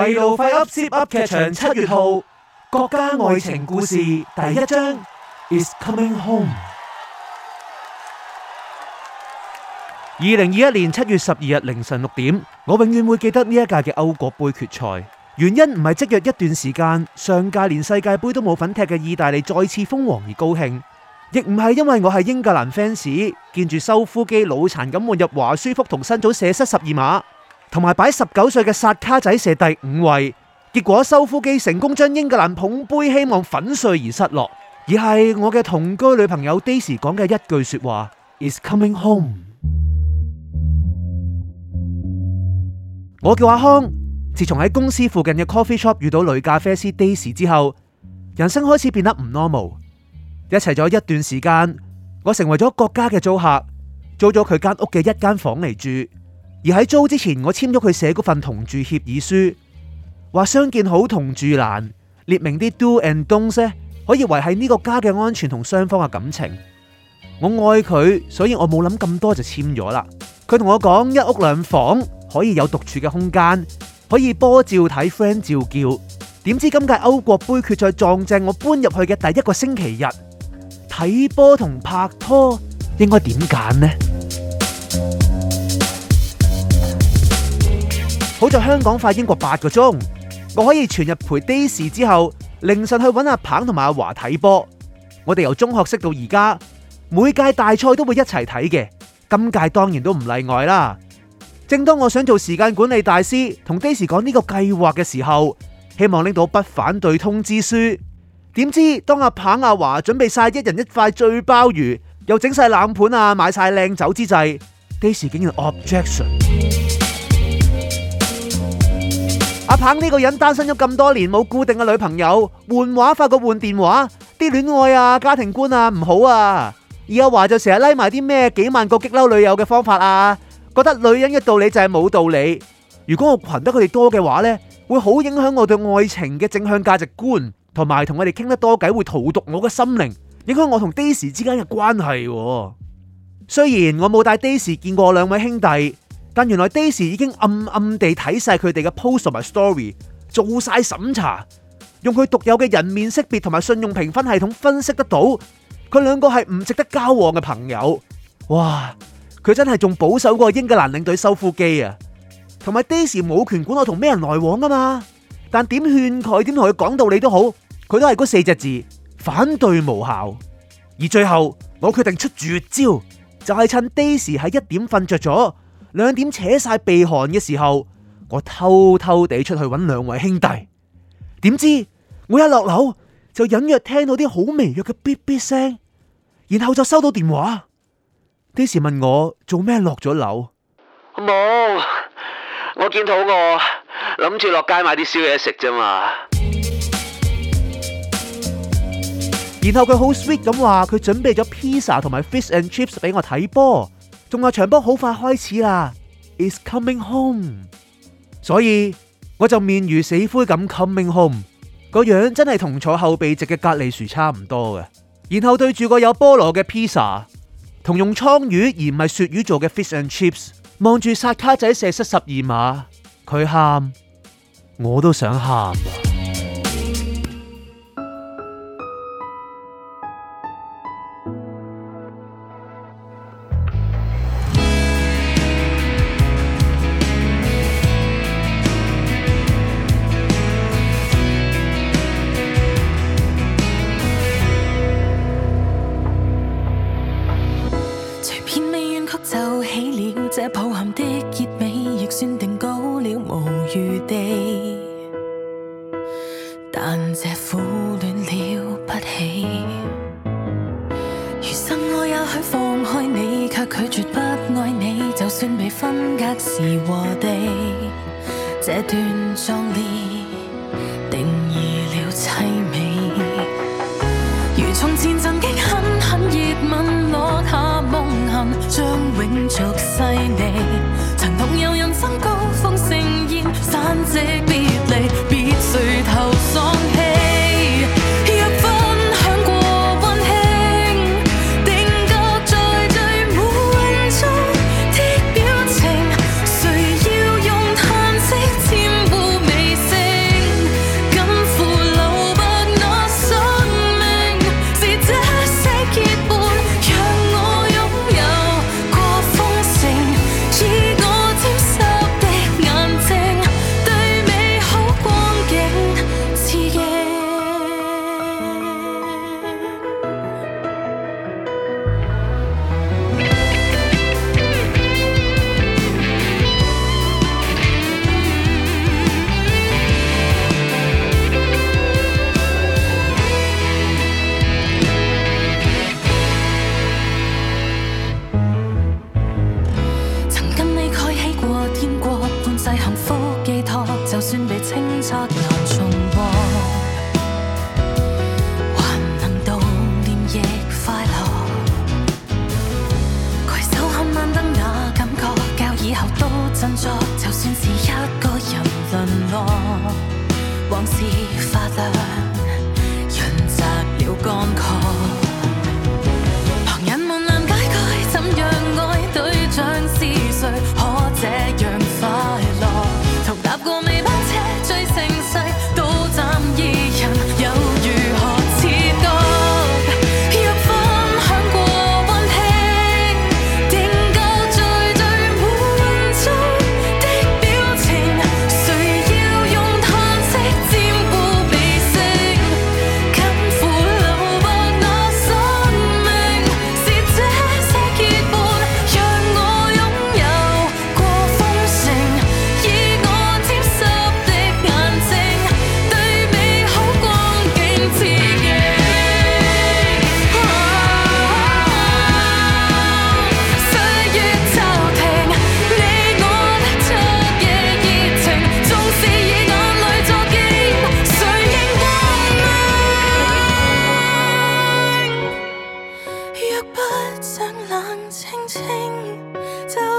維路快 Zip 噏，Zip 噏劇場七月號《郭家愛情故事》第一章 Is Coming Home。二零二一年七月十二日凌晨六點，我永遠會記得呢一屆嘅歐國杯決賽。原因唔係積約一段時間，上屆連世界杯都冇份踢嘅意大利再次瘋狂而高興，亦唔係因為我係英格蘭 fans，見住修夫基腦殘咁換入華舒福同新祖射失十二碼。同埋擺十九歲嘅薩卡仔射第五位，結果收呼機成功將英格蘭捧杯，杯希望粉碎而失落。而係我嘅同居女朋友 Daisy 講嘅一句說話：is coming home。我叫阿康，自從喺公司附近嘅 coffee shop 遇到女咖啡師 Daisy 之後，人生開始變得唔 normal。一齊咗一段時間，我成為咗郭家嘅租客，租咗佢間屋嘅一間房嚟住。而喺租之前，我簽咗佢寫嗰份同住協議書，話相見好同住難，列明啲 do and don'ts，可以維繫呢個家嘅安全同雙方嘅感情。我愛佢，所以我冇諗咁多就簽咗啦。佢同我講一屋兩房可以有獨處嘅空間，可以波照睇 friend 照叫。點知今屆歐國盃決賽撞正我搬入去嘅第一個星期日，睇波同拍拖應該點揀呢？好在香港快英國八個鐘，我可以全日陪 Daisy 之後，凌晨去揾阿棒同埋阿華睇波。我哋由中學識到而家，每屆大賽都會一齊睇嘅，今屆當然都唔例外啦。正當我想做時間管理大師，同 Daisy 講呢個計劃嘅時候，希望拎到不反對通知書。點知當阿棒阿華準備晒一人一塊醉鮑魚，又整晒冷盤啊，買晒靚酒之際 ，Daisy 竟然 objection。阿鵬呢個人單身咗咁多年，冇固定嘅女朋友，換話發過換電話，啲戀愛啊、家庭觀啊唔好啊。而阿華就成日拉埋啲咩幾萬個激嬲女友嘅方法啊，覺得女人嘅道理就係冇道理。如果我群得佢哋多嘅話呢，會好影響我對愛情嘅正向價值觀，同埋同佢哋傾得多偈會荼毒我嘅心靈，影響我同 Daisy 之間嘅關係。雖然我冇帶 Daisy 見過兩位兄弟，但原來 Daisy 已經暗暗地睇晒佢哋嘅 post 同埋 story，做晒審查，用佢獨有嘅人面識別同埋信用評分系統分析得到佢兩個係唔值得交往嘅朋友。哇！佢真係仲保守過英格蘭領隊收腹機啊，同埋 Daisy 冇權管我同咩人來往啊嘛。但點勸佢，點同佢講道理都好，佢都係嗰四隻字反對無效。而最後我決定出絕招，就係、是、趁 Daisy 喺一點瞓着咗。兩點扯晒鼻鼾嘅時候，我偷偷地出去搵兩位兄弟。點知我一落樓就隱約聽到啲好微弱嘅嗶嗶聲，然後就收到電話。Daisy 問我做咩落咗樓，冇。我見到我諗住落街買啲宵夜食啫嘛。然後佢好 sweet 咁話，佢準備咗披薩同埋 fish and chips 俾我睇波。仲有場波好快開始啦，It's coming home，所以我就面如死灰咁 coming home，個樣真係同坐後備席嘅隔離樹差唔多嘅，然後對住個有菠蘿嘅 pizza，同用倉魚而唔係鱈魚做嘅 fish and chips，望住薩卡仔射失十二碼，佢喊，我都想喊。時和地，這段壯烈，定義了悽美。如從前曾經狠狠熱吻，落下夢痕，將永續細膩。再幸福。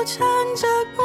唱着。